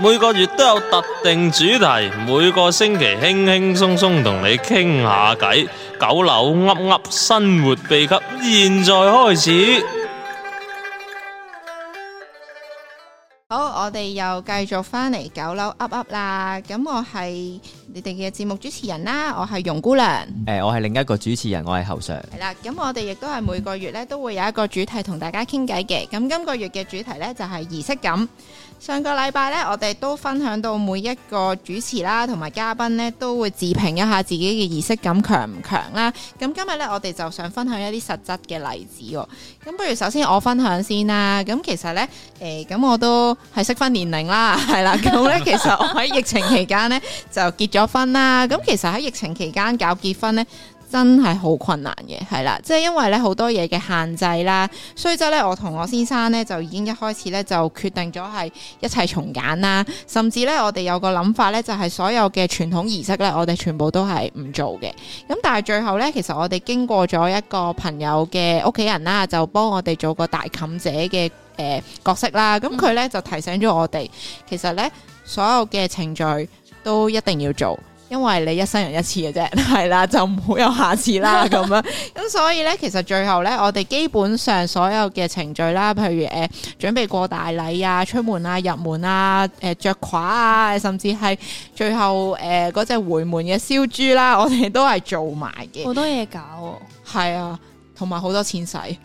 每個月都有特定主題，每個星期輕輕鬆鬆同你傾下偈，九樓噏噏，生活秘笈，現在開始。繼說說我哋又繼續翻嚟九樓 up up 啦，咁我係你哋嘅節目主持人啦，我係容姑娘，誒、欸，我係另一個主持人，我係侯 Sir，係啦，咁我哋亦都係每個月咧都會有一個主題同大家傾偈嘅，咁今個月嘅主題咧就係、是、儀式感。上個禮拜咧，我哋都分享到每一個主持啦，同埋嘉賓咧都會自評一下自己嘅儀式感強唔強啦。咁今日咧，我哋就想分享一啲實質嘅例子。咁不如首先我分享先啦。咁其實咧，誒、欸，咁我都係識。婚年齡啦，係、嗯、啦，咁咧其實我喺疫情期間咧就結咗婚啦。咁、嗯、其實喺疫情期間搞結婚咧真係好困難嘅，係、嗯、啦，即係因為咧好多嘢嘅限制，啦，所以則咧我同我先生咧就已經一開始咧就決定咗係一切從簡啦，甚至咧我哋有個諗法咧就係、是、所有嘅傳統儀式咧我哋全部都係唔做嘅。咁、嗯、但係最後咧其實我哋經過咗一個朋友嘅屋企人啦，就幫我哋做個大妗姐嘅呃、角色啦，咁佢呢、嗯、就提醒咗我哋，其實呢，所有嘅程序都一定要做，因為你一生人一次嘅啫，係啦，就唔好有下次啦咁 樣。咁所以呢，其實最後呢，我哋基本上所有嘅程序啦，譬如誒、呃、準備過大禮啊、出門啊、入門啊、誒着褂啊，甚至係最後誒嗰隻回門嘅燒豬啦，我哋都係做埋嘅。好多嘢搞、哦，係啊。同埋好多錢使，咁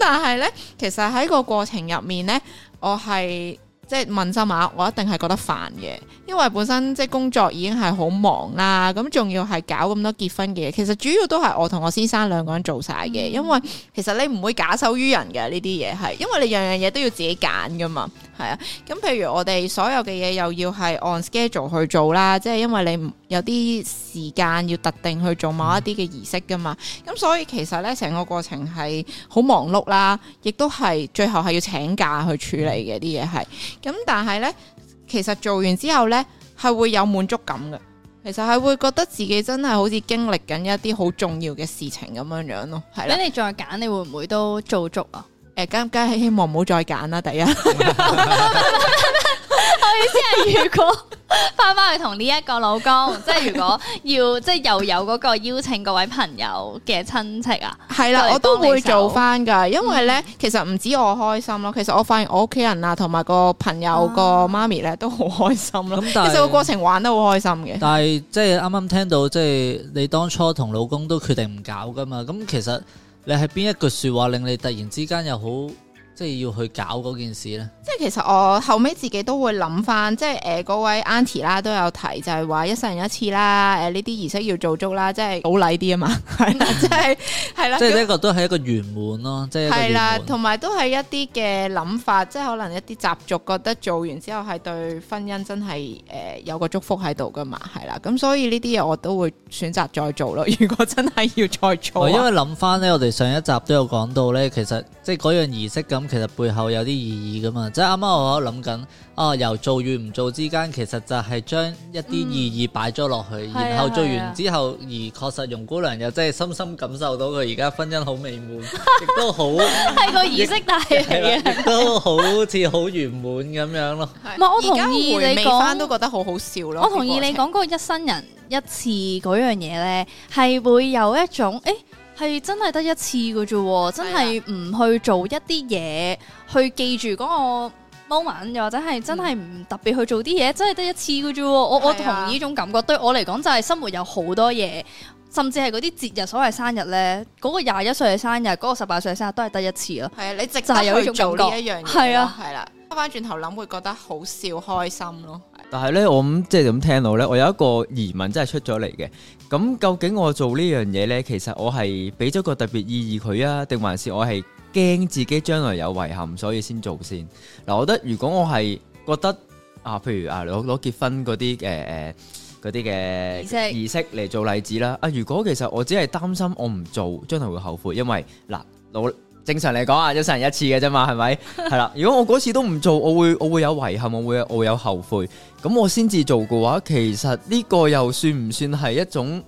但係咧，其實喺個過程入面咧，我係即係問心嘛，我一定係覺得煩嘅。因為本身即係工作已經係好忙啦，咁仲要係搞咁多結婚嘅嘢。其實主要都係我同我先生兩個人做晒嘅。嗯、因為其實你唔會假手於人嘅呢啲嘢係，因為你樣樣嘢都要自己揀噶嘛，係啊。咁譬如我哋所有嘅嘢又要係按 schedule 去做啦，即係因為你有啲時間要特定去做某一啲嘅儀式噶嘛。咁、嗯、所以其實咧，成個過程係好忙碌啦，亦都係最後係要請假去處理嘅啲嘢係。咁、嗯、但係咧。其實做完之後呢，係會有滿足感嘅。其實係會覺得自己真係好似經歷緊一啲好重要嘅事情咁樣樣咯。如果你再揀，你會唔會都做足啊？誒，梗梗係希望唔好再揀啦，第一。我意思係如果。翻翻 去同呢一個老公，即係如果要，即係又有嗰個邀請各位朋友嘅親戚啊，係啦、 啊，我都會做翻噶，因為呢，嗯、其實唔止我開心咯，其實我發現我屋企人啊，同埋個朋友個媽咪呢，都好開心咯，啊、其實個過程玩得好開心嘅，嗯。但係即係啱啱聽到，即、就、係、是、你當初同老公都決定唔搞噶嘛，咁其實你係邊一句說話令你突然之間又好？即係要去搞嗰件事咧，即係其實我後尾自己都會諗翻，即係誒嗰位 Auntie 啦都有提，就係話一世人一次啦，誒呢啲儀式要做足啦，即係好禮啲啊嘛， 即係係啦，那即係呢個都係一個圓滿咯，即係係啦，同埋都係一啲嘅諗法，即係可能一啲習俗覺得做完之後係對婚姻真係誒有個祝福喺度噶嘛，係啦，咁所以呢啲嘢我都會選擇再做咯。如果真係要再做、呃，因為諗翻咧，我哋上一集都有講到咧，其實即係嗰樣儀式咁。其實背後有啲意義噶嘛，即係啱啱我喺度諗緊，哦、啊、由做與唔做之間，其實就係將一啲意義擺咗落去，嗯、然後做完之後，嗯、而確實容姑娘又真係深深感受到佢而家婚姻好美滿，亦 都好係 個儀式帶嚟嘅也， 都很 好似 好圓滿咁樣咯。唔係，我同意你講返，都覺得好好笑咯。我同意你講個一生人一次嗰樣嘢咧，係會有一種誒，係真係得一次嘅啫，啊、真係唔去做一啲嘢去記住嗰個 moment，又或者係真係唔特別去做啲嘢，真係得一次嘅啫。我、啊、我同呢種感覺對我嚟講，就係生活有好多嘢，甚至係嗰啲節日，所謂生日呢，嗰個廿一歲生日，嗰、嗰個十八歲生日，嗰個、生日都係得一次咯。係啊，你值得去做呢一樣嘢。係啊，係啦、啊，翻翻轉頭諗會覺得好笑開心咯。啊、但係呢，我即係咁聽到呢，我有一個疑問真係出咗嚟嘅。咁究竟我做呢樣嘢呢？其實我係俾咗個特別意義佢啊，定還是我係驚自己將來有遺憾，所以先做先。嗱、啊，我覺得如果我係覺得啊，譬如啊，攞攞結婚嗰啲誒誒啲嘅儀式嚟做例子啦，啊，如果其實我只係擔心我唔做，將來會後悔，因為嗱攞。啊正常嚟講啊，一世人一次嘅啫嘛，係咪？係啦，如果我嗰次都唔做，我會我會有遺憾，我會我會有後悔。咁我先至做嘅話，其實呢個又算唔算係一種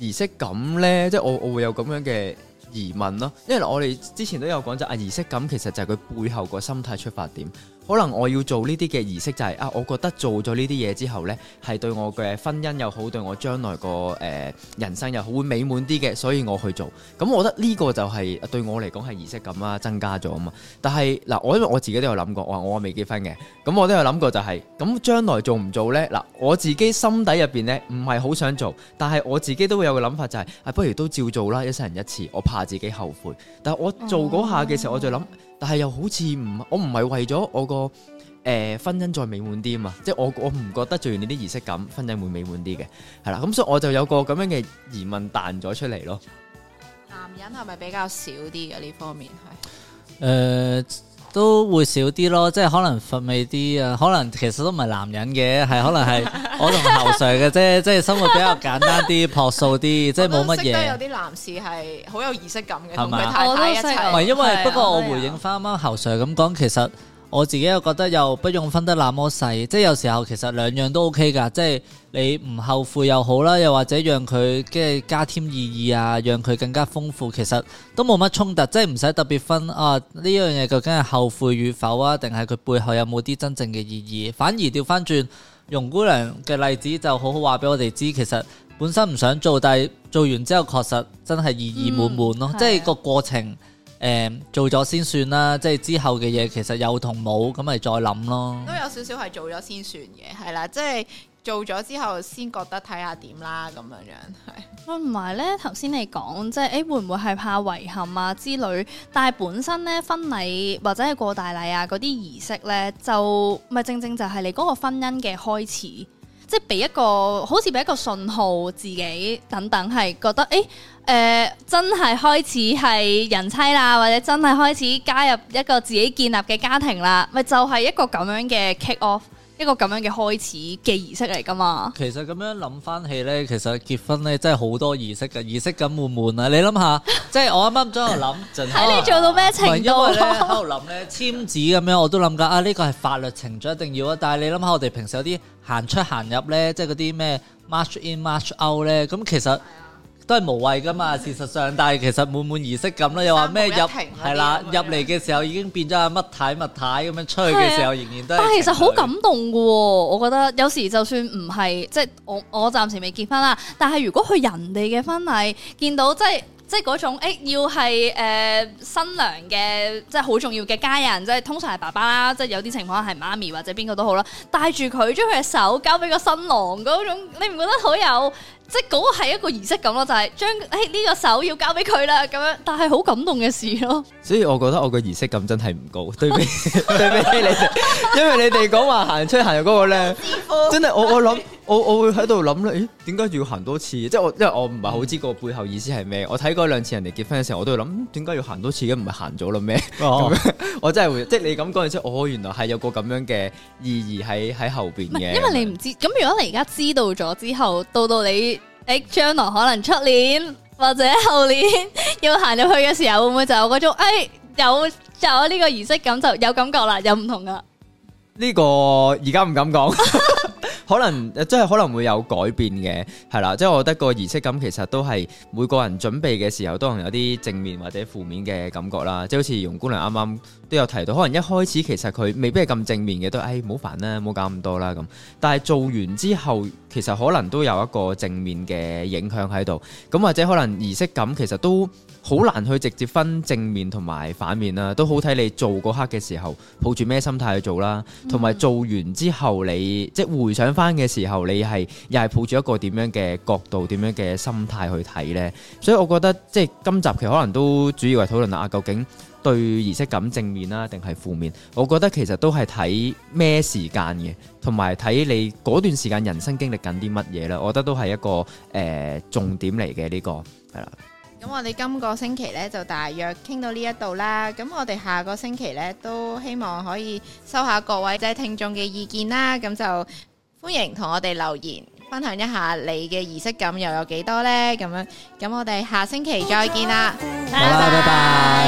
儀式感呢？即係我我會有咁樣嘅疑問咯。因為我哋之前都有講就啊，儀式感其實就係佢背後個心態出發點。可能我要做呢啲嘅儀式、就是，就係啊，我覺得做咗呢啲嘢之後呢係對我嘅婚姻又好，對我將來個誒、呃、人生又好，會美滿啲嘅，所以我去做。咁、嗯、我覺得呢個就係、是、對我嚟講係儀式感啦，增加咗啊嘛。但係嗱、啊，我因為我自己都有諗過，我我未結婚嘅，咁、嗯、我都有諗過就係、是、咁、啊、將來做唔做呢？嗱、啊，我自己心底入邊呢，唔係好想做，但係我自己都會有個諗法就係、是、啊，不如都照做啦，一生人一次，我怕自己後悔。但係我做嗰下嘅時候，我就諗。但係又好似唔，我唔係為咗我個誒、呃、婚姻再美滿啲啊嘛，即係我我唔覺得做完呢啲儀式感，婚姻會美滿啲嘅，係啦，咁所以我就有個咁樣嘅疑問彈咗出嚟咯。男人係咪比較少啲嘅呢方面係？誒、呃。都會少啲咯，即係可能乏味啲啊，可能其實都唔係男人嘅，係 可能係我同侯 sir 嘅啫， 即係生活比較簡單啲、樸素啲， 即係冇乜嘢。都識得有啲男士係好有儀式感嘅，同埋吧太太一齊。唔係因為，啊、不過我回應翻啱啱侯 sir 咁講，其實。我自己又覺得又不用分得那麼細，即係有時候其實兩樣都 OK 㗎，即係你唔後悔又好啦，又或者讓佢即係加添意義啊，讓佢更加豐富，其實都冇乜衝突，即係唔使特別分啊，呢樣嘢究竟係後悔與否啊，定係佢背後有冇啲真正嘅意義？反而掉返轉容姑娘嘅例子就好好話俾我哋知，其實本身唔想做，但係做完之後確實真係意義滿滿咯，嗯、即係個過程。誒、嗯、做咗先算啦，即係之後嘅嘢其實有同冇，咁咪再諗咯。都有少少係做咗先算嘅，係啦，即係做咗之後先覺得睇下點啦，咁樣樣係。啊，唔係咧，頭先你講即係誒、欸、會唔會係怕遺憾啊之類，但係本身咧婚禮或者係過大禮啊嗰啲儀式咧，就咪正正就係你嗰個婚姻嘅開始。即係俾一個好似俾一個信號，自己等等係覺得誒誒、欸呃，真係開始係人妻啦，或者真係開始加入一個自己建立嘅家庭啦，咪就係、是、一個咁樣嘅 kick off。一個咁樣嘅開始嘅儀式嚟噶嘛？其實咁樣諗翻起咧，其實結婚咧真係好多儀式嘅儀式感悶悶啊？你諗下， 即係我啱啱喺度諗，就喺你做到咩程度？咧喺度諗咧，簽字咁樣我都諗緊啊！呢個係法律程序一定要啊！但係你諗下，我哋平時有啲行出行入咧，即係嗰啲咩 march in march out 咧，咁其實。都係無謂噶嘛，事實上，但係其實滿滿儀式感啦。又話咩入係啦？的入嚟嘅時候已經變咗乜太乜太咁樣，出去嘅時候的仍然都。但係其實好感動嘅喎、哦，我覺得有時就算唔係，即係我我暫時未結婚啦，但係如果去人哋嘅婚禮見到即。係。即係嗰種，要係誒新娘嘅，即係好重要嘅家人，即係通常係爸爸啦，即係有啲情況係媽咪或者邊個都好啦，帶住佢將佢嘅手交俾個新郎嗰種，你唔覺得好有即係嗰個係一個儀式感咯？就係將誒呢個手要交俾佢啦咁樣，但係好感動嘅事咯。所以我覺得我個儀式感真係唔高，對比對比你因為你哋講話行出行入嗰、那個咧，真係我我諗。我我我會喺度諗咧，誒，點解要行多次？即係我，因為我唔係好知個背後意思係咩。我睇過兩次人哋結婚嘅時候，我都會諗，點解要行多次？而家唔係行咗啦咩？咁樣，哦， 我真係會，即係你咁講出，我、哦、原來係有個咁樣嘅意義喺喺後邊嘅。因為你唔知，咁的如果你而家知道咗之後，到到你誒將來可能出年或者後年要行入去嘅時候，會唔會就嗰種誒、哎、有有呢個儀式感就有感覺啦，有唔同噶？呢個而家唔敢講。 可能即係可能會有改變嘅，係啦，即係我覺得個儀式感其實都係每個人準備嘅時候都可能有啲正面或者負面嘅感覺啦，即係好似容姑娘啱啱都有提到，可能一開始其實佢未必係咁正面嘅，都誒唔好煩啦，唔好搞咁多啦咁。但係做完之後，其實可能都有一個正面嘅影響喺度，咁或者可能儀式感其實都好難去直接分正面同埋反面啦，都好睇你做嗰刻嘅時候抱住咩心態去做啦，同埋做完之後你即係回想翻嘅時候，你係又係抱住一個點樣嘅角度、點樣嘅心態去睇呢？所以我覺得，即係今集期可能都主要係討論下究竟對儀式感正面啦，定係負面？我覺得其實都係睇咩時間嘅，同埋睇你嗰段時間人生經歷緊啲乜嘢啦。我覺得都係一個誒重點嚟嘅，呢個係啦。咁我哋今個星期呢就大約傾到呢一度啦。咁我哋下個星期呢都希望可以收下各位即係聽眾嘅意見啦。咁就。歡迎同我哋留言，分享一下你嘅儀式感又有幾多呢？咁樣，咁我哋下星期再見啦！好啦，拜拜。